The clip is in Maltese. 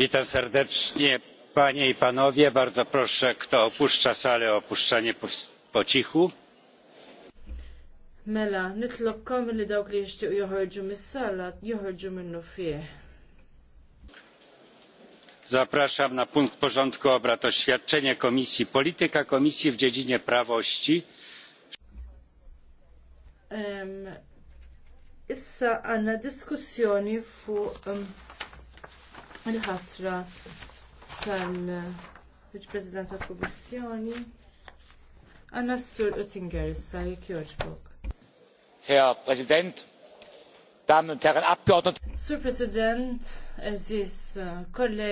witam serdecznie panie i panowie bardzo proszę kto opuszcza salę o opuszczanie po cichu Mela, nitlobkom li dawk li jixtiequ joħorġu mis-sala joħorġu minnu fih. Zapraszam na punkt porządku obrad oświadczenie Komisji Polityka Komisji w dziedzinie prawości. issa għandna diskussjoni fuq il-ħatra tal-Viċ-President tal-Kommissjoni għanna s-Sur Uttinger issa jek joġbok. Herr President, Damen und Herren Abgeordnete. Sur President, eżis kollegi.